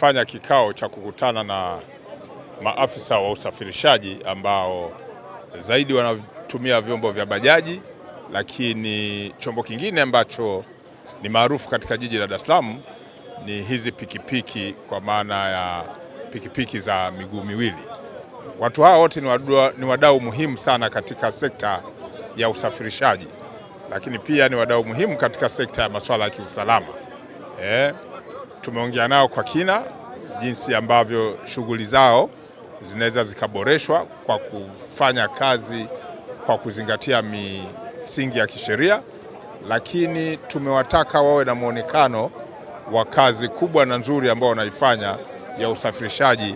tumefanya kikao cha kukutana na maafisa wa usafirishaji ambao zaidi wanatumia vyombo vya bajaji, lakini chombo kingine ambacho ni maarufu katika jiji la Dar es Salaam ni hizi pikipiki, kwa maana ya pikipiki za miguu miwili. Watu hawa wote ni wadau muhimu sana katika sekta ya usafirishaji, lakini pia ni wadau muhimu katika sekta ya masuala ya kiusalama eh. Tumeongea nao kwa kina jinsi ambavyo shughuli zao zinaweza zikaboreshwa kwa kufanya kazi kwa kuzingatia misingi ya kisheria, lakini tumewataka wawe na mwonekano wa kazi kubwa na nzuri ambao wanaifanya ya usafirishaji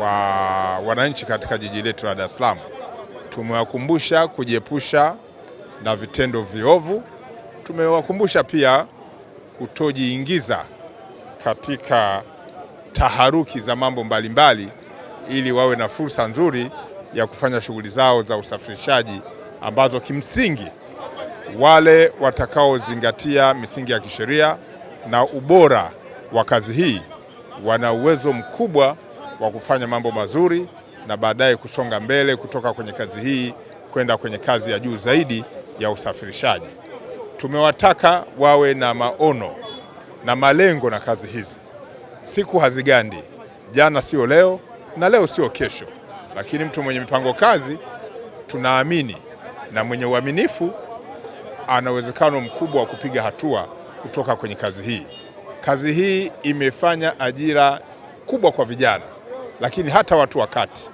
wa wananchi katika jiji letu la Dar es Salaam. Tumewakumbusha kujiepusha na vitendo viovu. Tumewakumbusha pia kutojiingiza katika taharuki za mambo mbalimbali mbali, ili wawe na fursa nzuri ya kufanya shughuli zao za usafirishaji ambazo kimsingi wale watakaozingatia misingi ya kisheria na ubora wa kazi hii wana uwezo mkubwa wa kufanya mambo mazuri na baadaye kusonga mbele kutoka kwenye kazi hii kwenda kwenye kazi ya juu zaidi ya usafirishaji. Tumewataka wawe na maono na malengo na kazi hizi. Siku hazigandi, jana sio leo na leo sio kesho, lakini mtu mwenye mipango kazi tunaamini na mwenye uaminifu ana uwezekano mkubwa wa kupiga hatua kutoka kwenye kazi hii. Kazi hii imefanya ajira kubwa kwa vijana, lakini hata watu wa kati.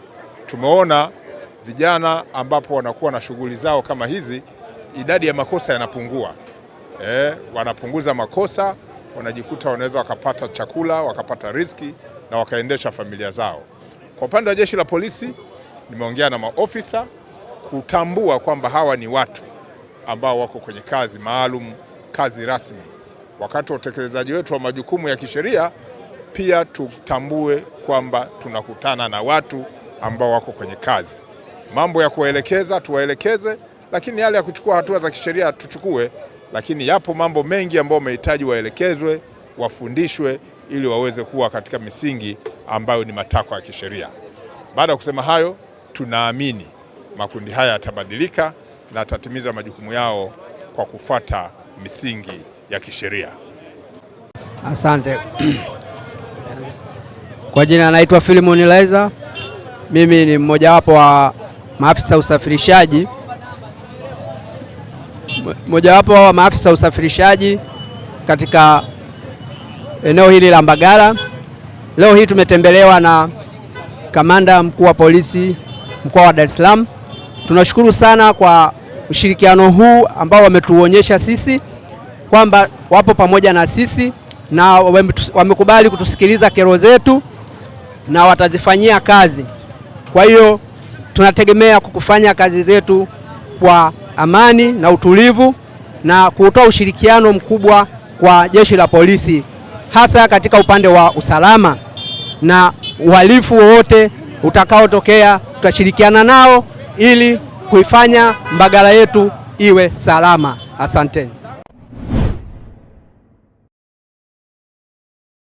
Tumeona vijana ambapo wanakuwa na shughuli zao kama hizi, idadi ya makosa yanapungua. Eh, wanapunguza makosa wanajikuta wanaweza wakapata chakula, wakapata riski na wakaendesha familia zao. Kwa upande wa jeshi la polisi, nimeongea na maofisa kutambua kwamba hawa ni watu ambao wako kwenye kazi maalum, kazi rasmi. Wakati wa utekelezaji wetu wa majukumu ya kisheria, pia tutambue kwamba tunakutana na watu ambao wako kwenye kazi. Mambo ya kuwaelekeza tuwaelekeze, lakini yale ya kuchukua hatua za kisheria tuchukue lakini yapo mambo mengi ambayo wamehitaji waelekezwe, wafundishwe ili waweze kuwa katika misingi ambayo ni matakwa ya kisheria. Baada ya kusema hayo, tunaamini makundi haya yatabadilika na yatatimiza majukumu yao kwa kufuata misingi ya kisheria. Asante. Kwa jina anaitwa Filimon Laiza, mimi ni mmojawapo wa maafisa usafirishaji mojawapo wa maafisa usafirishaji katika eneo hili la Mbagala. Leo hii tumetembelewa na kamanda mkuu wa polisi mkoa wa Dar es Salaam. Tunashukuru sana kwa ushirikiano huu ambao wametuonyesha sisi kwamba wapo pamoja na sisi na wamekubali kutusikiliza kero zetu na watazifanyia kazi. Kwa hiyo tunategemea kukufanya kazi zetu kwa amani na utulivu na kutoa ushirikiano mkubwa kwa jeshi la polisi hasa katika upande wa usalama na uhalifu wowote utakaotokea tutashirikiana nao ili kuifanya Mbagala yetu iwe salama. Asanteni.